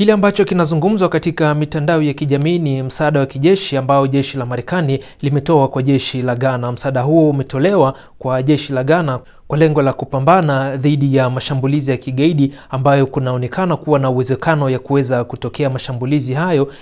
Kile ambacho kinazungumzwa katika mitandao ya kijamii ni msaada wa kijeshi ambao jeshi la Marekani limetoa kwa jeshi la Ghana. Msaada huo umetolewa kwa jeshi la Ghana kwa lengo la kupambana dhidi ya mashambulizi ya kigaidi ambayo kunaonekana kuwa na uwezekano ya kuweza kutokea mashambulizi hayo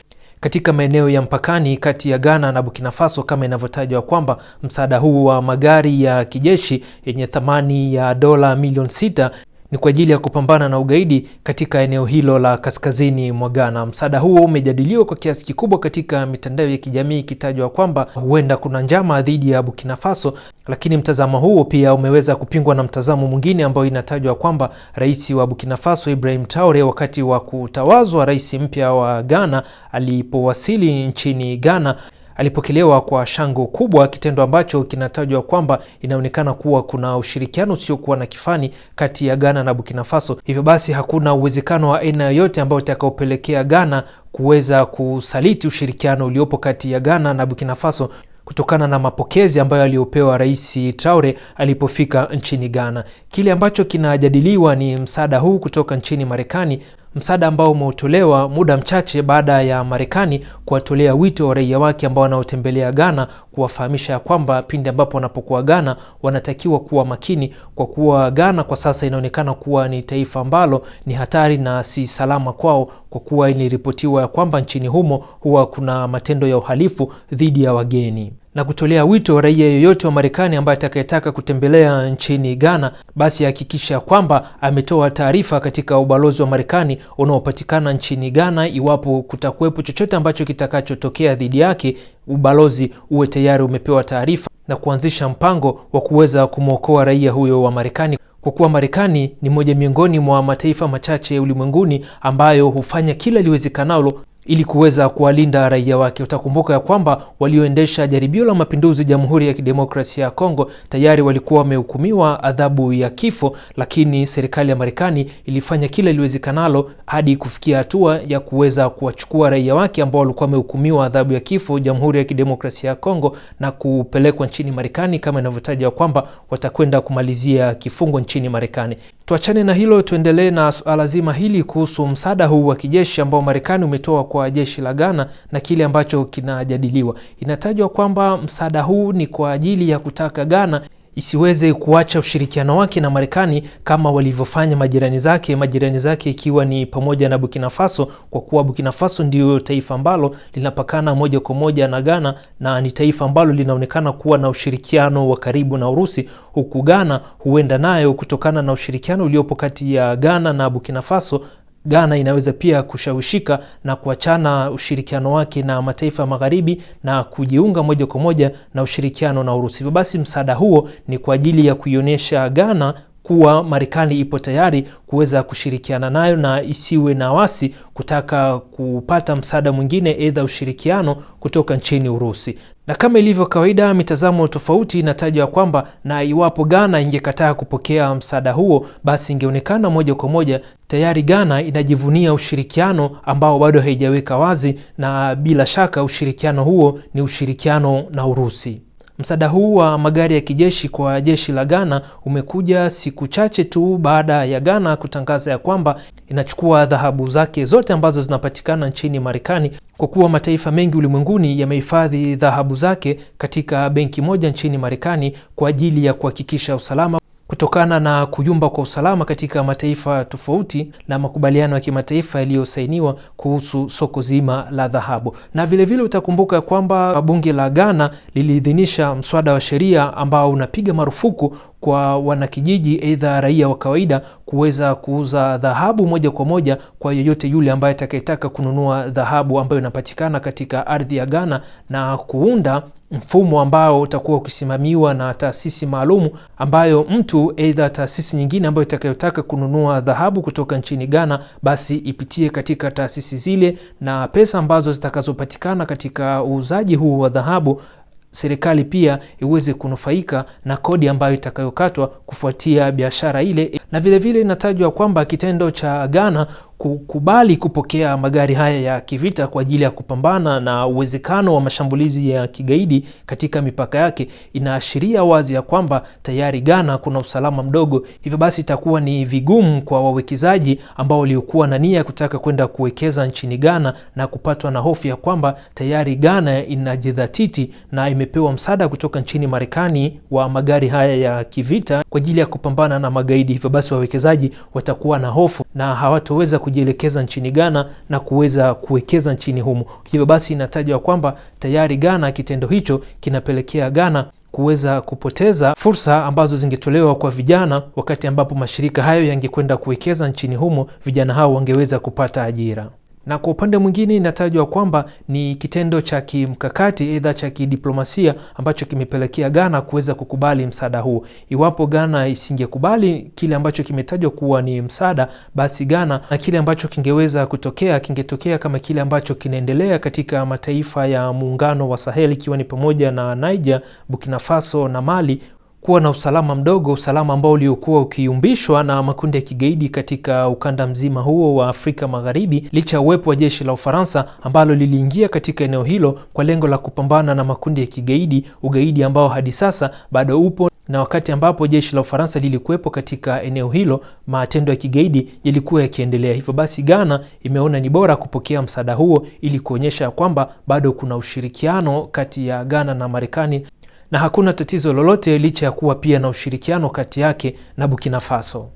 katika maeneo ya mpakani kati ya Ghana na Burkina Faso kama inavyotajwa kwamba msaada huu wa magari ya kijeshi yenye thamani ya dola milioni sita ni kwa ajili ya kupambana na ugaidi katika eneo hilo la kaskazini mwa Ghana. Msaada huo umejadiliwa kwa kiasi kikubwa katika mitandao ya kijamii ikitajwa kwamba huenda kuna njama dhidi ya Burkina Faso, lakini mtazamo huo pia umeweza kupingwa na mtazamo mwingine ambao inatajwa kwamba rais wa Burkina Faso Ibrahim Traore, wakati wa kutawazwa rais mpya wa Ghana, alipowasili nchini Ghana alipokelewa kwa shangwe kubwa, kitendo ambacho kinatajwa kwamba inaonekana kuwa kuna ushirikiano usiokuwa na kifani kati ya Ghana na Burkina Faso. Hivyo basi hakuna uwezekano wa aina yoyote ambayo itakaopelekea Ghana kuweza kusaliti ushirikiano uliopo kati ya Ghana na Burkina Faso kutokana na mapokezi ambayo aliyopewa Rais Traore alipofika nchini Ghana. Kile ambacho kinajadiliwa ni msaada huu kutoka nchini Marekani msaada ambao umeotolewa muda mchache baada ya Marekani kuwatolea wito wa raia wake ambao wanaotembelea Ghana kuwafahamisha ya kwamba pindi ambapo wanapokuwa Ghana wanatakiwa kuwa makini, kwa kuwa Ghana kwa sasa inaonekana kuwa ni taifa ambalo ni hatari na si salama kwao, kwa kuwa iliripotiwa ya kwamba nchini humo huwa kuna matendo ya uhalifu dhidi ya wageni na kutolea wito raia yoyote wa Marekani ambaye atakayetaka kutembelea nchini Ghana basi hakikisha kwamba ametoa taarifa katika ubalozi wa Marekani unaopatikana nchini Ghana iwapo kutakuwepo chochote ambacho kitakachotokea dhidi yake, ubalozi uwe tayari umepewa taarifa na kuanzisha mpango wa kuweza kumwokoa raia huyo wa Marekani kwa kuwa Marekani ni moja miongoni mwa mataifa machache ulimwenguni ambayo hufanya kila liwezekanalo ili kuweza kuwalinda raia wake. Utakumbuka ya kwamba walioendesha jaribio la mapinduzi Jamhuri ya Kidemokrasia ya Kongo tayari walikuwa wamehukumiwa adhabu ya kifo, lakini serikali ya Marekani ilifanya kila iliwezekanalo hadi kufikia hatua ya kuweza kuwachukua raia wake ambao walikuwa wamehukumiwa adhabu ya kifo Jamhuri ya Kidemokrasia ya Kongo na kupelekwa nchini Marekani, kama inavyotaja kwamba watakwenda kumalizia kifungo nchini Marekani. Tuachane na hilo, tuendelee na suala zima hili kuhusu msaada huu wa kijeshi ambao Marekani umetoa kwa kwa jeshi la Ghana na kile ambacho kinajadiliwa. Inatajwa kwamba msaada huu ni kwa ajili ya kutaka Ghana isiweze kuacha ushirikiano wake na Marekani kama walivyofanya majirani zake, majirani zake ikiwa ni pamoja na Burkina Faso, kwa kuwa Burkina Faso ndio taifa ambalo linapakana moja kwa moja na Ghana na ni taifa ambalo linaonekana kuwa na ushirikiano wa karibu na Urusi, huku Ghana huenda nayo kutokana na ushirikiano uliopo kati ya Ghana na Burkina Faso Ghana inaweza pia kushawishika na kuachana ushirikiano wake na mataifa ya magharibi na kujiunga moja kwa moja na ushirikiano na Urusi. Hivyo basi msaada huo ni kwa ajili ya kuionyesha Ghana kuwa Marekani ipo tayari kuweza kushirikiana nayo na isiwe na wasi kutaka kupata msaada mwingine, aidha ushirikiano kutoka nchini Urusi. Na kama ilivyo kawaida, mitazamo tofauti inatajwa kwamba na iwapo Ghana ingekataa kupokea msaada huo, basi ingeonekana moja kwa moja tayari Ghana inajivunia ushirikiano ambao bado haijaweka wazi, na bila shaka ushirikiano huo ni ushirikiano na Urusi. Msaada huu wa magari ya kijeshi kwa jeshi la Ghana umekuja siku chache tu baada ya Ghana kutangaza ya kwamba inachukua dhahabu zake zote ambazo zinapatikana nchini Marekani, kwa kuwa mataifa mengi ulimwenguni yamehifadhi dhahabu zake katika benki moja nchini Marekani kwa ajili ya kuhakikisha usalama kutokana na kuyumba kwa usalama katika mataifa tofauti na makubaliano ya kimataifa yaliyosainiwa kuhusu soko zima la dhahabu. Na vilevile vile utakumbuka kwamba bunge la Ghana liliidhinisha mswada wa sheria ambao unapiga marufuku kwa wanakijiji, aidha raia wa kawaida kuweza kuuza dhahabu moja kwa moja kwa yeyote yule ambaye atakayetaka kununua dhahabu ambayo inapatikana katika ardhi ya Ghana na kuunda mfumo ambao utakuwa ukisimamiwa na taasisi maalum ambayo mtu aidha taasisi nyingine ambayo itakayotaka kununua dhahabu kutoka nchini Ghana basi ipitie katika taasisi zile, na pesa ambazo zitakazopatikana katika uuzaji huu wa dhahabu serikali pia iweze kunufaika na kodi ambayo itakayokatwa kufuatia biashara ile, na vilevile inatajwa kwamba kitendo cha Ghana kukubali kupokea magari haya ya kivita kwa ajili ya kupambana na uwezekano wa mashambulizi ya kigaidi katika mipaka yake inaashiria wazi ya kwamba tayari Ghana kuna usalama mdogo. Hivyo basi itakuwa ni vigumu kwa wawekezaji ambao waliokuwa na nia ya kutaka kwenda kuwekeza nchini Ghana na kupatwa na hofu ya kwamba tayari Ghana inajidhatiti na imepewa msaada kutoka nchini Marekani wa magari haya ya kivita kwa ajili ya kupambana na magaidi. Hivyo basi wawekezaji watakuwa na hofu na hawatoweza kujielekeza nchini Ghana na kuweza kuwekeza nchini humo. Hivyo basi inatajwa kwamba tayari Ghana, kitendo hicho kinapelekea Ghana kuweza kupoteza fursa ambazo zingetolewa kwa vijana, wakati ambapo mashirika hayo yangekwenda kuwekeza nchini humo, vijana hao wangeweza kupata ajira na kwa upande mwingine inatajwa kwamba ni kitendo cha kimkakati aidha cha kidiplomasia ambacho kimepelekea Ghana kuweza kukubali msaada huo. Iwapo Ghana isingekubali kile ambacho kimetajwa kuwa ni msaada, basi Ghana na kile ambacho kingeweza kutokea kingetokea kama kile ambacho kinaendelea katika mataifa ya muungano wa Sahel ikiwa ni pamoja na Niger, Burkina Faso na Mali kuwa na usalama mdogo, usalama ambao uliokuwa ukiumbishwa na makundi ya kigaidi katika ukanda mzima huo wa Afrika Magharibi, licha ya uwepo wa jeshi la Ufaransa ambalo liliingia katika eneo hilo kwa lengo la kupambana na makundi ya kigaidi, ugaidi ambao hadi sasa bado upo na wakati ambapo jeshi la Ufaransa lilikuwepo katika eneo hilo, matendo ya kigaidi yalikuwa yakiendelea. Hivyo basi, Ghana imeona ni bora kupokea msaada huo ili kuonyesha kwamba bado kuna ushirikiano kati ya Ghana na Marekani na hakuna tatizo lolote licha ya kuwa pia na ushirikiano kati yake na Burkina Faso.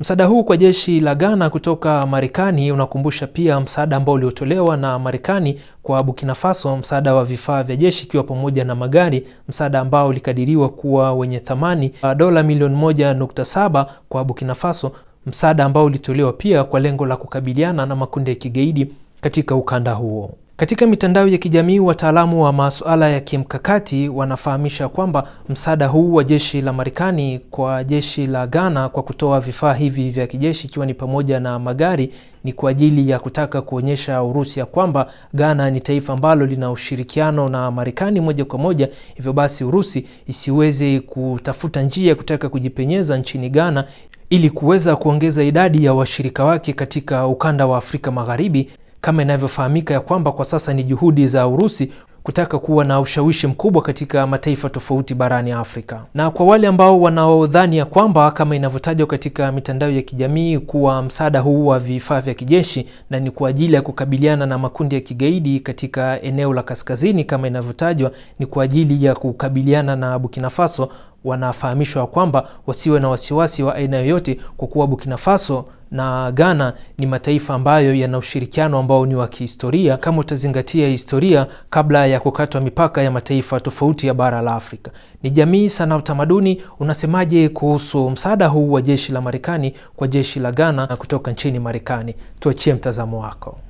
Msaada huu kwa jeshi la Ghana kutoka Marekani unakumbusha pia msaada ambao uliotolewa na Marekani kwa Burkina Faso, msaada wa vifaa vya jeshi ikiwa pamoja na magari, msaada ambao ulikadiriwa kuwa wenye thamani dola milioni saba kwa Burkina Faso, msaada ambao ulitolewa pia kwa lengo la kukabiliana na makundi ya kigaidi katika ukanda huo. Katika mitandao ya kijamii wataalamu wa masuala ya kimkakati wanafahamisha kwamba msaada huu wa jeshi la Marekani kwa jeshi la Ghana kwa kutoa vifaa hivi vya kijeshi ikiwa ni pamoja na magari ni kwa ajili ya kutaka kuonyesha Urusi ya kwamba Ghana ni taifa ambalo lina ushirikiano na Marekani moja kwa moja, hivyo basi Urusi isiweze kutafuta njia ya kutaka kujipenyeza nchini Ghana ili kuweza kuongeza idadi ya washirika wake katika ukanda wa Afrika Magharibi kama inavyofahamika ya kwamba kwa sasa ni juhudi za Urusi kutaka kuwa na ushawishi mkubwa katika mataifa tofauti barani Afrika. Na kwa wale ambao wanaodhani ya kwamba kama inavyotajwa katika mitandao ya kijamii kuwa msaada huu wa vifaa vya kijeshi na ni kwa ajili ya kukabiliana na makundi ya kigaidi katika eneo la kaskazini, kama inavyotajwa ni kwa ajili ya kukabiliana na Burkina Faso wanafahamishwa kwamba wasiwe na wasiwasi wa aina yoyote, kwa kuwa Burkina Faso na Ghana ni mataifa ambayo yana ushirikiano ambao ni wa kihistoria, kama utazingatia historia kabla ya kukatwa mipaka ya mataifa tofauti ya bara la Afrika. Ni jamii sana utamaduni, unasemaje kuhusu msaada huu wa jeshi la Marekani kwa jeshi la Ghana kutoka nchini Marekani? Tuachie mtazamo wako.